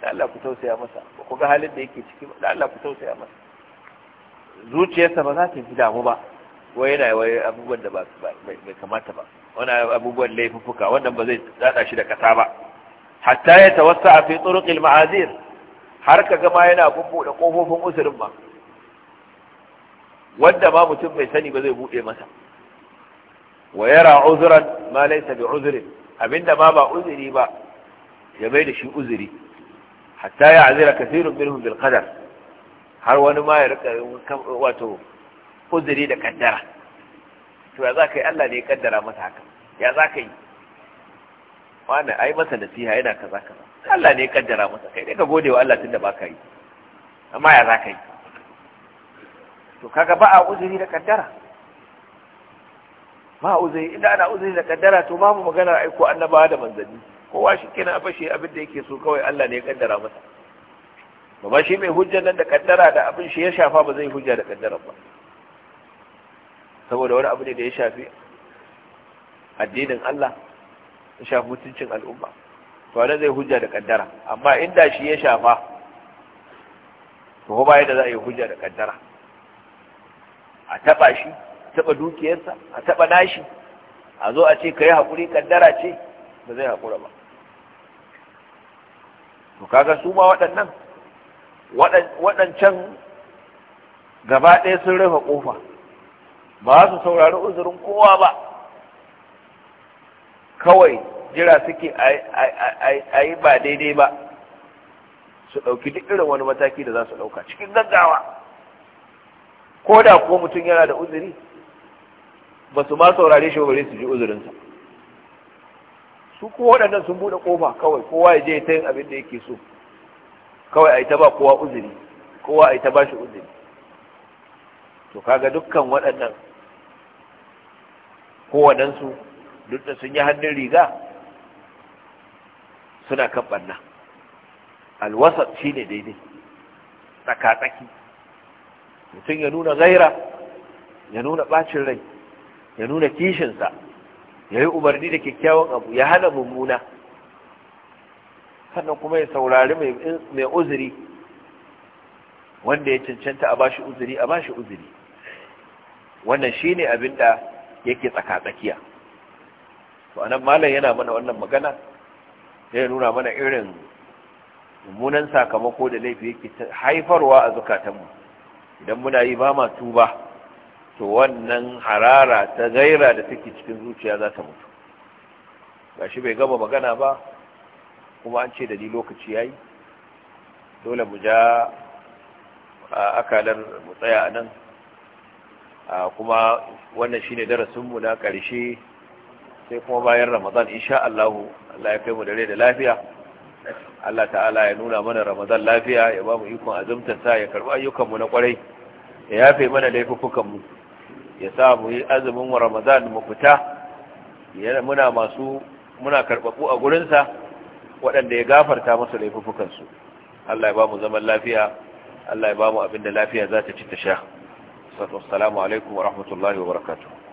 da Allah ku tausaya masa ba ku ga halin da yake ciki ba da Allah ku tausaya masa zuciyarsa ba za ta ji damu ba wai yana wai abubuwan da ba bai kamata ba wani abubuwan laifuffuka wannan ba zai tsada shi da kasa ba hatta ya tawassa a fi turuqil ma'azir har ka gama yana bubbuɗe kofofin usurin ba wanda ma mutum bai sani ba zai buɗe masa wa yara uzran ma laysa bi uzrin abinda ma ba uzuri ba ya bai da shi uzuri hatta ya azira kathirun minhum bil har wani ma ya rika wato uzuri da kaddara to ya za ka yi Allah ne ya kaddara masa haka ya za ka yi wani ai masa siya yana kaza kaza Allah ne ya kaddara masa kai dai ka gode wa Allah tunda baka yi amma ya za ka yi to kaga ba a uzuri da kaddara ba a uzuri inda ana uzuri da kaddara to babu maganar aiko annabawa da manzanni kowa shi kina a fashe abin da yake so kawai Allah ne ya kaddara masa amma shi mai hujjar nan da kaddara da abin shi ya shafa ba zai hujja da kaddara ba saboda wani abu ne da ya shafi addinin Allah ya shafi mutuncin al'umma to wanda zai hujja da kaddara amma inda shi ya shafa to ba yadda za a yi hujja da kaddara a taba shi taba dukiyarsa a taba nashi a zo a ce ka yi haƙuri kaddara ce ba zai haƙura ba to kaga su ma waɗannan waɗancan gaba ɗaya sun rufe ƙofa ba su saurari uzurin kowa ba kawai jira suke a yi ba daidai ba su ɗauki duk irin wani mataki da za su ɗauka cikin gaggawa ko da ko mutum yana da uzuri ba su ma saurare shi bare su ji uzurinsa su ko waɗannan sun buɗe ƙofa kawai kowa ya je ta yin abin da yake so kawai a yi ta ba kowa uzuri kowa a yi ta ba shi uzuri to kaga dukkan waɗannan kowaɗansu duk da sun yi hannun riga suna kan ɓanna alwasar shi ne daidai tsaka mutum ya nuna zaira, ya nuna ɓacin rai ya nuna kishinsa ya yi umarni da kyakkyawan abu ya hana mummuna sannan kuma ya saurari mai uzuri wanda ya cancanta a bashi uzuri a bashi uzuri wannan shine abin da yake tsakatsakiya to anan malam yana mana wannan magana sai nuna mana irin mummunan sakamako da laifi yake haifarwa a zukatanmu idan muna yi ba ma tuba to wannan harara ta gaira da take cikin zuciya za ta mutu shi bai gama magana ba kuma an ce da ni lokaci yayi dole mu ja a akalar mu tsaya a nan kuma wannan shine darasinmu na ƙarshe sai kuma bayan ramadan insha Allah Allah ya kai mu da rai da lafiya Allah ta'ala ya nuna mana ramadan lafiya ya ba mu ikon azumtarsa ya karɓi mu na kwarai ya yafe mana laifukanmu ya sa mu yi azumin ramadan mu fita muna masu muna karbabu a gurinsa waɗanda ya gafarta masa laifukansu Allah ya ba mu zaman lafiya Allah ya ba mu abin da lafiya za ta ci ta sha والصلاة والسلام عليكم ورحمة الله وبركاته